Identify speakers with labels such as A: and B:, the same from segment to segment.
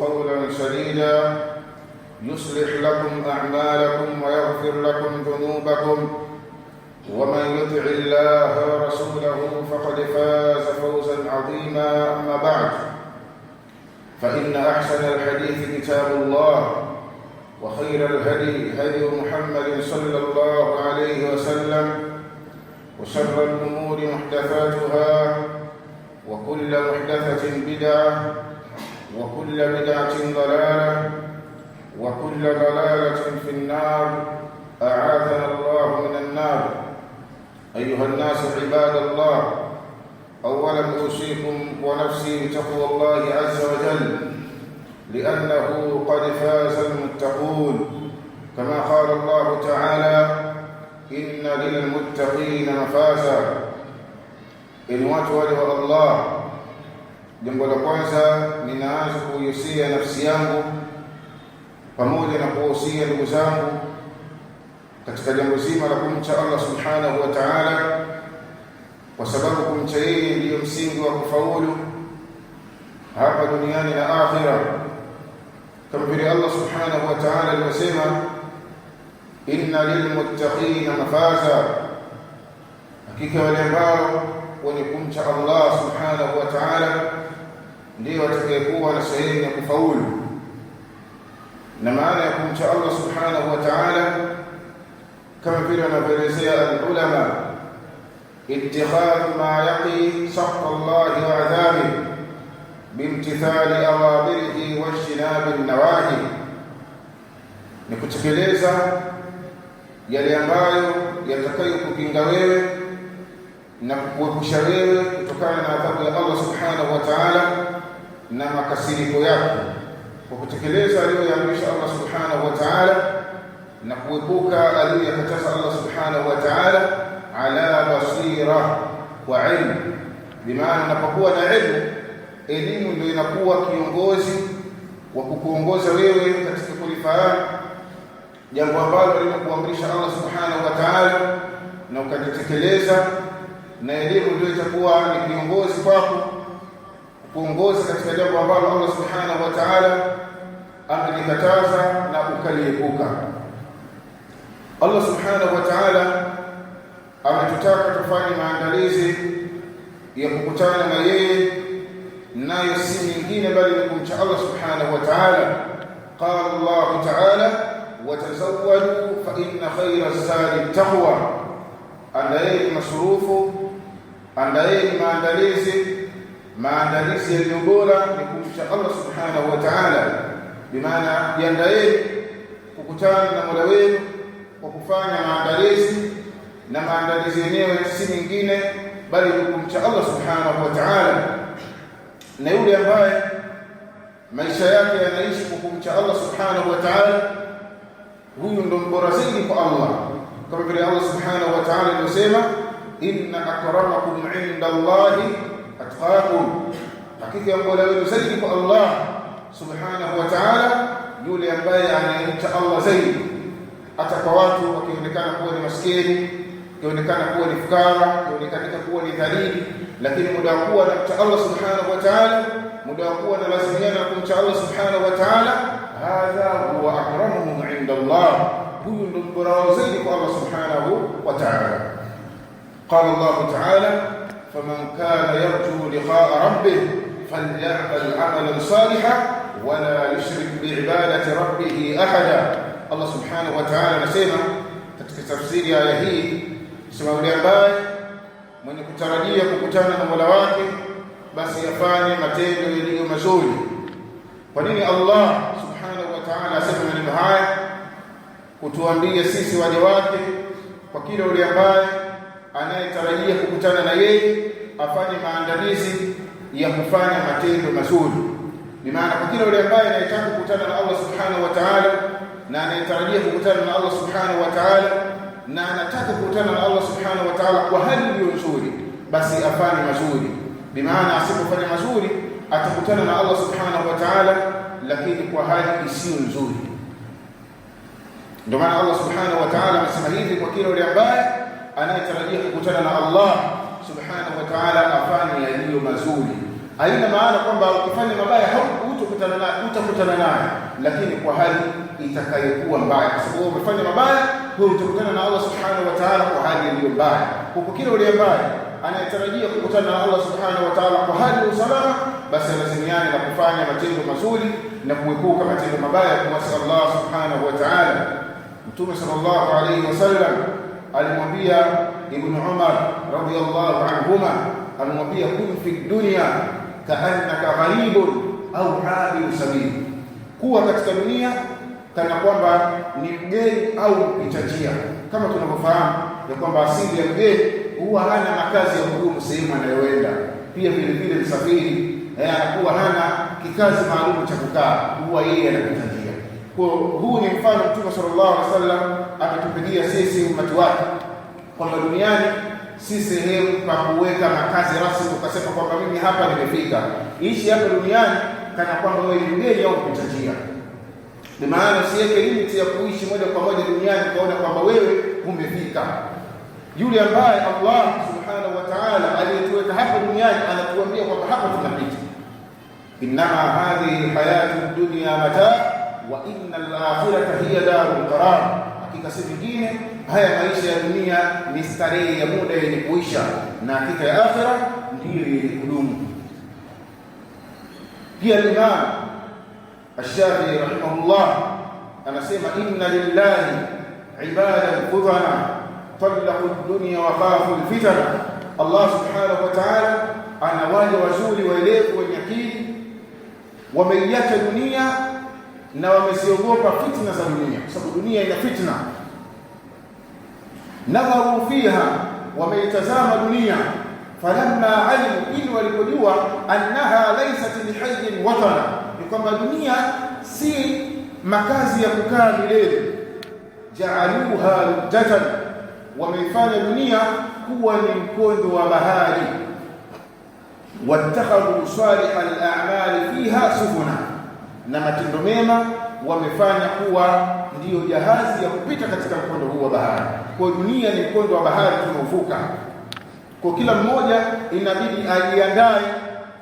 A: قولا سديدا يصلح لكم أعمالكم ويغفر لكم ذنوبكم ومن يطع الله ورسوله فقد فاز فوزا عظيما أما بعد فإن أحسن الحديث كتاب الله وخير الهدي هدي محمد صلى الله عليه وسلم وشر الأمور محدثاتها وكل محدثة بدعة وكل بدعة ضلالة وكل ضلالة في النار أعاذنا الله من النار أيها الناس عباد الله أولا أوصيكم ونفسي بتقوى الله عز وجل لأنه قد فاز المتقون كما قال الله تعالى إن للمتقين مفازا إن وجه الله Jambo la kwanza ninaanza kuihusia nafsi yangu pamoja na kuwahusia ndugu zangu katika jambo zima la kumcha Allah subhanahu wa ta'ala, kwa sababu kumcha yeye ndiyo msingi wa kufaulu hapa duniani na akhira, kama vile Allah subhanahu wa ta'ala alivyosema, inna lilmuttaqina mafaza, hakika wale ambao wenye kumcha Allah subhanahu wa ta'ala ndiyo atakayekuwa na sehemu ya kufaulu. Na maana ya kumcha Allah subhanahu wa ta'ala kama vile anavyoelezea alulama, ittikhadhu ma yaqi sakta llahi wa adhabi bimtithali awamirihi wa ijtinabi nawahi, ni kutekeleza yale ambayo yatakayokukinga wewe na kukuepusha wewe kutokana na adhabu ya Allah subhanahu wa ta'ala na makasiriko yako kwa kutekeleza aliyoamrisha Allah subhanahu wa ta'ala na kuepuka aliyoyakataza Allah subhanahu wa ta'ala ala basira wa ilmu. Bimaana unapokuwa na ilmu, elimu ndio inakuwa kiongozi wa kukuongoza wewe katika kulifahamu jambo ambalo alikuamrisha Allah subhanahu wa ta'ala na ukatekeleza na elimu ndio itakuwa ni kiongozi kwako uongozi katika jambo ambalo Allah subhanahu wa ta'ala amelikataza na ukaliepuka. Allah subhanahu wa ta'ala ametutaka tufanye maandalizi ya kukutana na yeye, nayo si nyingine bali ni kumcha Allah subhanahu wa ta'ala. Qala Allah ta'ala watazawwadu fa inna khayra zadi taqwa, andaeni masurufu, andaeni maandalizi maandalizi yaliyo bora ni kumcha Allah subhanahu wa ta'ala, maana jiandaeni kukutana na mola wenu kwa kufanya maandalizi, na maandalizi yenyewe si mingine bali ni kumcha Allah subhanahu wa ta'ala. Na yule ambaye maisha yake yanaishi kwa kumcha Allah subhanahu wa ta'ala, huyu ndo mbora zaidi kwa Allah, kama vile Allah subhanahu wa ta'ala alivyosema, inna akramakum inda Allahi atqakum, hakika ya Mola wenu kwa Allah subhanahu wa ta'ala, yule ambaye anayemcha Allah zaidi. Hata kwa watu wakionekana kuwa ni maskini, wakionekana kuwa ni fukara, wakionekana kuwa ni dhalili, lakini muda wa kuwa anamcha Allah subhanahu wa ta'ala, muda wa kuwa analazimiana kumcha Allah subhanahu wa ta'ala, hadha huwa akramuhum inda Allah, huyu ndo mbora zaidi kwa Allah subhanahu wa ta'ala. Qala Allah ta'ala faman kana yarju liqaa rabbih falyamal amalan saliha wala yushrik biibadati rabbih ahada. Allah subhanahu wa ta'ala anasema katika tafsiri ya aya hii, sema yule ambaye mwenye kutarajia kukutana na mola wake basi yafanye matendo yaliyo mazuri. Kwa nini Allah subhanahu wa ta'ala asema maneno haya? Kutuambia sisi waja wake kwa kile yule ambaye anayetarajia kukutana na yeye afanye maandalizi ya kufanya matendo mazuri. Ni maana kwa kila yule ambaye anayetaka kukutana na Allah subhanahu wa ta'ala na anayetarajia kukutana na Allah subhanahu wa ta'ala na anataka kukutana na Allah subhanahu wa ta'ala kwa hali iliyo nzuri, basi afanye mazuri. Ni maana asipofanya mazuri atakutana na Allah subhanahu wa ta'ala, lakini kwa hali isiyo nzuri. Ndio maana Allah subhanahu wa ta'ala amesema hivi kwa kila yule ambaye anayetarajia kukutana na Allah subhanahu wa ta'ala afanye yaliyo mazuri. Haina maana kwamba ukifanya mabaya hautakutana naye, utakutana naye, lakini kwa hali itakayokuwa mbaya, kwa sababu umefanya mabaya, wewe utakutana na Allah subhanahu wa ta'ala kwa hali iliyo mbaya. Huko kila ule ambaye anayetarajia kukutana na Allah subhanahu wa ta'ala kwa hali ya usalama, basi alazimiane na kufanya matendo mazuri na kuepuka matendo mabaya, kumwasi Allah subhanahu wa ta'ala. Mtume sallallahu alayhi wasallam alimwambia Ibnu Umar radhiyallahu anhuma, alimwambia kun fi dunya kaannaka gharibun au abiru sabil, kuwa katika dunia kana kwamba ni mgeni au mpita njia, kama tunavyofahamu ya kwamba asili ya mgeni huwa hana makazi ya kudumu sehemu anayoenda. Pia vile vile msafiri eh, anakuwa hana kikazi maalum cha kukaa, huwa yeye anapita njia. Kwa huu ni mfano Mtume sallallahu alaihi wasallam ametupigia sisi umati wake kwamba duniani si sehemu pa kuweka makazi rasmi, ukasema kwamba mimi hapa nimefika. Ishi hapa duniani kana kwamba wewe ni mgeni au mpita Ni maana usiweke limiti ya kuishi moja kwa moja duniani ukaona kwamba wewe umefika. Yule ambaye Allah subhanahu wa ta'ala aliyetuweka hapa duniani anatuambia kwamba hapa tunapita, innaha hadhihi hayatu dunya mataa wa inna al-akhirata hiya darul qarar Hakika si vingine, haya maisha ya dunia ni starehe ya muda yenye kuisha, na hakika ya akhira ndiyo yenye kudumu. Pia Imam Ash-Shafi'i rahimahullah anasema, inna lillahi ibadan fudhana talaqu dunya wa khafu al Allah subhanahu wa ta'ala ana waja wazuri waelevu wenye akili wameiacha dunia na wameziogopa fitna za dunia, kwa sababu dunia ina fitna. Nadharu fiha, wameitazama dunia. Falamma alimu, ili walipojua, annaha laysat lihayyin watana, ni kwamba dunia si makazi ya kukaa milele. Jaaluha lujatan, wameifanya dunia kuwa ni mkondo wa bahari. Wattakhadhu salih al-a'mali fiha subuna na matendo mema wamefanya kuwa ndiyo jahazi ya kupita katika mkondo huu wa bahari. Kwa dunia ni mkondo wa bahari tunaovuka. Kwa kila mmoja inabidi aiandae,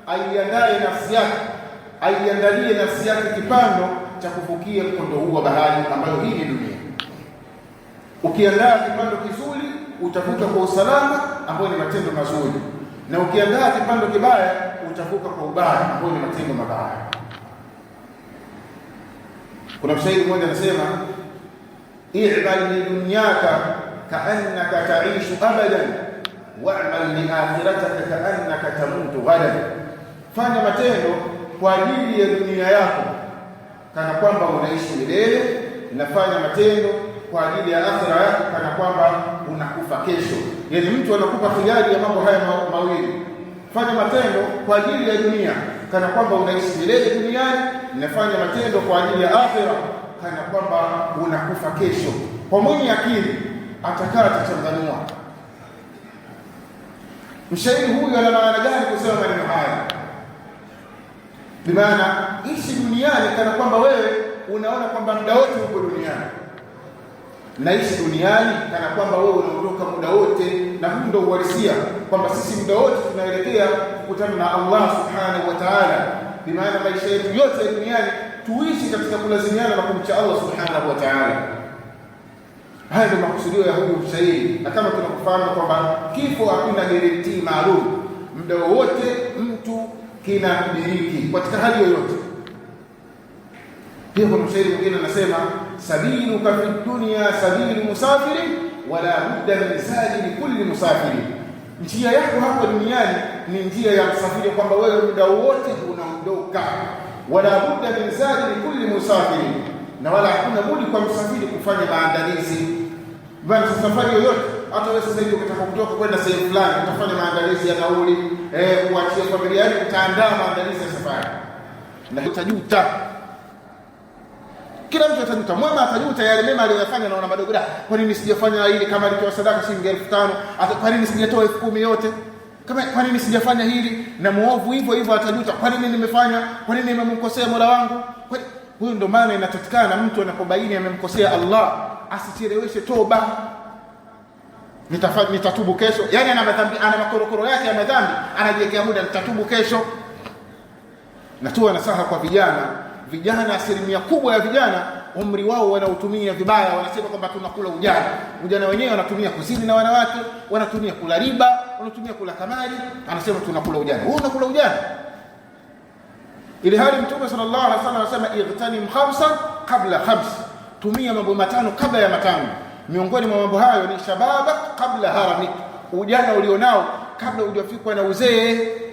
A: aiandae nafsi yake, aiandalie nafsi yake kipando cha kuvukia mkondo huu wa bahari ambayo hii ni dunia. Ukiandaa kipando kizuri utavuka kwa usalama, ambayo ni matendo mazuri, na ukiandaa kipando kibaya utavuka kwa ubaya, ambayo ni matendo mabaya. Kuna mshairi mmoja anasema, i'mal dunyaka kaannaka taishu abadan wa'mal liakhirataka kaannaka tamutu ghadan, fanya matendo kwa ajili ya dunia yako kana kwamba unaishi milele, nafanya matendo kwa ajili ya akhira yako kana kwamba unakufa kesho. Yani mtu anakupa hiari ya mambo haya mawili, fanya matendo kwa ajili ya dunia kana kwamba unaishi milele duniani, unafanya matendo kwa ajili ya akhera, kana kwamba unakufa kesho. Kwa mwenye akili atakaa atachanganua mshairi huyu ana maana gani kusema maneno haya. Bimaana ishi duniani kana kwamba wewe unaona kwamba muda wote uko duniani naishi duniani kana kwamba wewe unaondoka muda wote, na huu ndio uhalisia kwamba sisi muda wote tunaelekea kukutana na Allah subhanahu wa ta'ala. Bimaana maisha yetu yote ya duniani tuishi katika kulazimiana na kumcha Allah subhanahu wa ta'ala. Haya ndio makusudio ya huu ushairi, na kama tunakufahamu kwamba kifo hakuna gereti maalum, muda wowote mtu kudiriki katika hali yoyote. Pia kuna ushairi mwingine anasema sabiluka fi dunya sabilu musafiri wala budda min sajili kulli musafiri, njia yako hapa duniani ni njia ya msafiri, kwamba wewe muda wote unaondoka. Wala budda min sajili kulli musafiri, na wala hakuna budi kwa msafiri kufanya maandalizi. Bwana, safari yoyote hata wewe sasa hivi ukitaka kutoka kwenda sehemu fulani utafanya maandalizi ya nauli, eh, kuachia familia yako, utaandaa maandalizi ya safari na utajuta kila mtu atajuta, mwema atajuta yale mema aliyofanya. Naona madogo da, kwa nini sijafanya hili? Kama alitoa sadaka shilingi elfu tano kwa nini sijatoa elfu kumi yote? Kama kwa nini sijafanya hili? Na muovu hivyo hivyo atajuta, kwa nini nimefanya? Kwa nini nimemkosea Mola wangu? Kwa huyo, ndio maana inatakikana mtu anapobaini amemkosea Allah asicheleweshe toba. Nitafanya, nitatubu kesho. Yani ana madhambi, ana makorokoro yake ya madhambi, anajiwekea muda, nitatubu kesho. Natoa nasaha kwa vijana vijana, asilimia kubwa ya vijana umri wao wanaotumia vibaya. Wanasema kwamba tunakula ujana. Ujana wenyewe wanatumia kuzini na wanawake, wanatumia kula riba, wanatumia kula kamari, anasema tunakula ujana. Wewe unakula ujana, ili hali Mtume sallallahu alaihi wasallam anasema igtanim khamsa kabla khams, tumia mambo matano kabla ya matano. Miongoni mwa mambo hayo ni shababa kabla haramik, ujana ulionao kabla hujafikwa na uzee.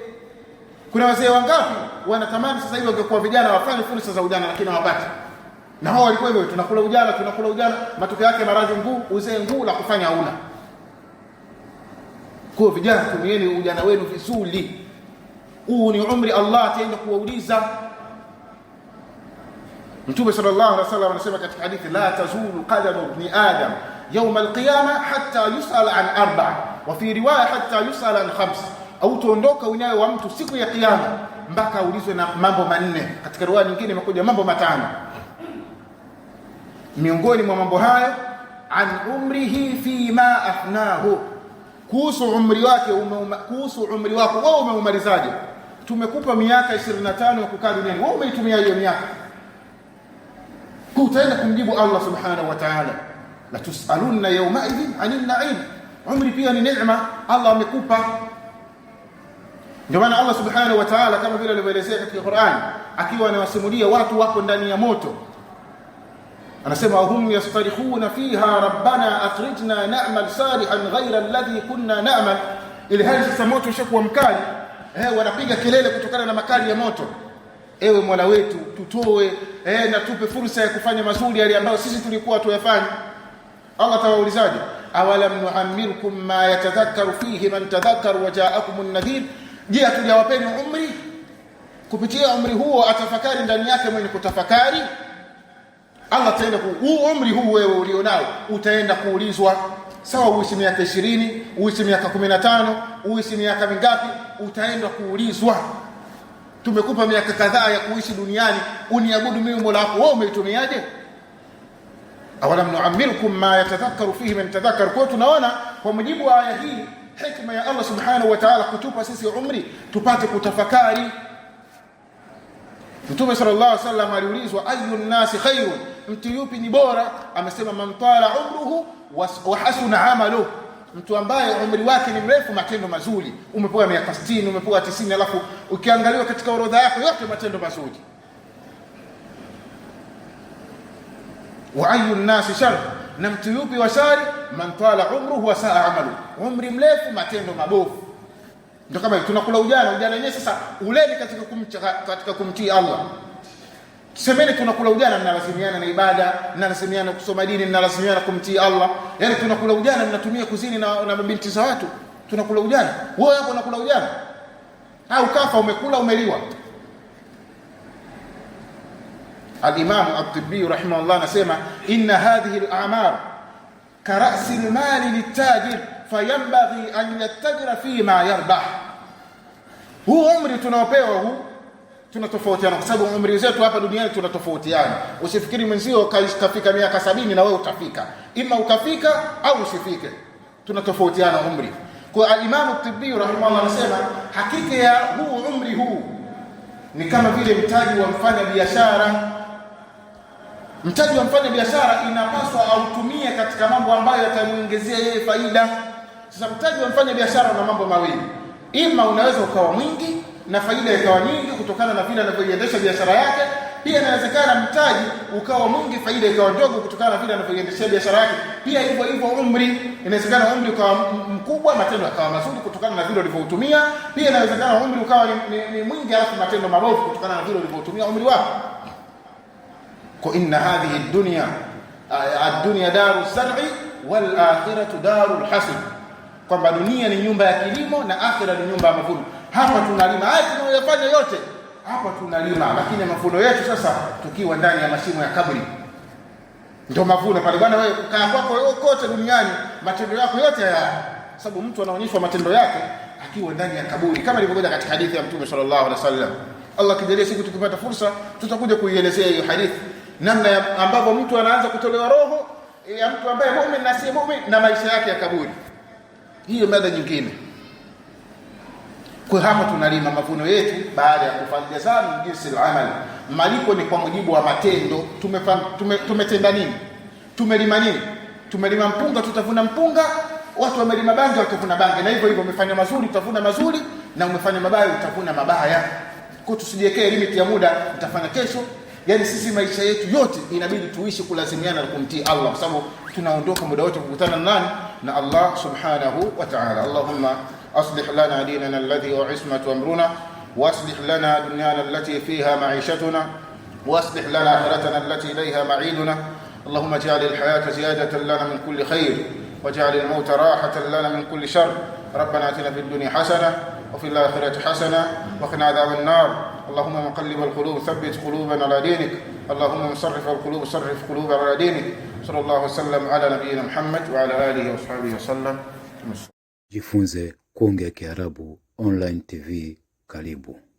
A: Kuna wazee wangapi wanatamani sasa hivi wangekuwa vijana wafanye fursa za ujana, lakini hawapati. Na hao walikuwa hivyo, tunakula ujana, tunakula ujana, matokeo yake maradhi nguu, uzee nguu, la kufanya hauna. Kwa vijana, tumieni ujana wenu vizuri. Huu ni umri Allah ataenda kuwauliza. Mtume sallallahu alaihi wasallam anasema katika hadithi, la tazulu qadamu ibn adam yawm alqiyama hatta yusal an arba wa fi riwaya hatta yusal an khamsa tuondoka unyayo wa mtu siku ya Kiyama mpaka aulizwe na mambo manne. Katika riwaya nyingine imekuja mambo matano. Miongoni mwa mambo hayo, an umrihi fi ma afnahu, kuhusu umri wake, kuhusu umri wako wewe umeumalizaje? Tumekupa miaka 25 ya kukaa duniani, wewe umeitumia hiyo miaka? Utaenda kumjibu Allah subhanahu wa ta'ala, la tusalunna yawma idhin na'im. Umri pia ni neema Allah amekupa ndio maana Allah subhanahu wa ta'ala kama vile alivyoelezea katika Qur'an, akiwa anawasimulia watu wako ndani ya moto, anasema hum yastarihuna fiha rabbana akhrijna na'mal salihan ghayra alladhi kunna na'mal, ili hali sasa moto ushakuwa mkali, eh, wanapiga kelele kutokana na makali ya moto, ewe Mola wetu tutoe, eh, na tupe fursa ya kufanya mazuri yale ambayo sisi tulikuwa tuyafanya. Allah tawaulizaje? awalam nu'ammirkum ma yatadhakkaru fihi man tadhakkaru wa ja'akum an-nadhir Je, hatujawapeni umri? Kupitia umri huo atafakari ndani yake mwenye kutafakari. Allah ataenda huu umri huu wewe ulionao utaenda kuulizwa sawa uishi miaka 20 uishi miaka 15 uishi miaka mingapi utaenda kuulizwa tumekupa miaka kadhaa ya kuishi duniani uniabudu mimi mola wako wewe umeitumiaje awalam nu'ammirukum ma yatadhakkaru fihi man tadhakkar kwa tunaona kwa mujibu wa aya hii hikma ya Allah subhanahu wa ta'ala kutupa sisi umri tupate kutafakari. Mtume sallallahu alaihi wasallam aliulizwa, ayu nnasi khairun, mtu yupi ni bora? Amesema, man tala umruhu wa hasuna amaluhu, mtu ambaye umri wake ni mrefu, matendo mazuri. Umepewa miaka 60 umepewa 90, alafu ukiangaliwa katika orodha yako yote matendo mazuri. Wa ayu nnasi shar na mtu yupi wa shari? Man tala umruhu wa saa amalu, umri mrefu matendo mabovu. Ndio kama tunakula ujana. Ujana wenyewe sasa uleni katika kumcha, katika kumtii Allah. Semeni tunakula ujana, mnalazimiana na ibada, mnalazimiana kusoma dini, mnalazimiana kumtii Allah. yani tunakula ujana, mnatumia kuzini na, na mabinti za watu. Tunakula ujana, wewe hapo unakula ujana au kafa, umekula umeliwa الامام الطبي رحمه الله نسمع ان هذه الاعمار كراس المال للتاجر فينبغي ان يتجر فيما يربح هو yarbah, huu umri tunaopewa huu tunatofautiana kwa sababu umri zetu hapa duniani tunatofautiana. Usifikiri mwenzio kafika miaka sabini na wewe utafika, ima ukafika au usifike, tunatofautiana umri. Kwa alimamu Tibiyu rahimahullah anasema hakika ya huu umri huu ni kama vile mtaji wa mfanya biashara Mtaji wa mfanya biashara inapaswa autumie katika mambo ambayo yatamuongezea yeye faida. Sasa mtaji wa mfanya biashara una mambo mawili, ima unaweza ukawa mwingi na faida ikawa nyingi kutokana na vile anavyoiendesha biashara yake. Pia inawezekana mtaji ukawa mwingi, faida ikawa ndogo kutokana na vile anavyoiendesha biashara yake. Pia hivyo hivyo, umri, inawezekana umri ukawa mkubwa, matendo yakawa mazuri kutokana na vile ulivyoutumia. Pia inawezekana umri ukawa ni, ni, ni mwingi alafu matendo mabovu kutokana na vile ulivyoutumia umri wako ko inna hadhihi ad dunya ad-dunya daru sar'i wal akhiratu daru al hasib, kwamba dunia ni nyumba ya kilimo na akhira ni nyumba ya mavuno. Hapa tunalima haya tunayofanya yote hapa tunalima, lakini mavuno yetu sasa tukiwa ndani ya mashimo ya kaburi ndio mavuno pale. Bwana wewe kaa kwako kote duniani matendo yako yote haya, sababu mtu anaonyeshwa matendo yake akiwa ndani ya kaburi, kama ilivyokuja katika hadithi ya Mtume sallallahu alaihi wasallam. Allah kijalie siku tukipata fursa, tutakuja kuielezea hiyo hadithi namna ambavyo mtu anaanza kutolewa roho eh, ya mtu ambaye muumini na si muumini na maisha yake ya kaburi. Hiyo mada nyingine. Kwa hapa tunalima mavuno yetu baada ya kufanya jazaa jinsi al-amal. Malipo ni kwa mujibu wa matendo. Tumetenda nini? Tumelima nini? Tumelima mpunga, tutavuna mpunga. Watu wamelima bangi, watavuna bangi, na hivyo hivyo. Umefanya mazuri, utavuna mazuri, na umefanya mabaya, utavuna mabaya. Kwa tusijiwekee limit ya muda, utafanya kesho yani sisi maisha yetu yote inabidi tuishi kulazimiana na kumtii Allah, kwa sababu tunaondoka muda wote kukutana na nani? Na Allah subhanahu wa ta'ala. Allahumma aslih lana dinana alladhi huwa ismatu amruna واصلح لنا دنيانا التي فيها معيشتنا واصلح لنا آخرتنا التي إليها معيدنا اللهم اجعل الحياة زيادة لنا من كل خير واجعل الموت راحة لنا من كل شر ربنا آتنا في الدنيا حسنة وفي الآخرة حسنة وقنا عذاب النار اللهم مقلب القلوب ثبت قلوبنا على دينك اللهم مصرف القلوب صرف قلوبنا على دينك صلى الله وسلم على نبينا محمد وعلى آله وصحبه وسلم
B: كونغا kuongea اونلاين تي في كاليبو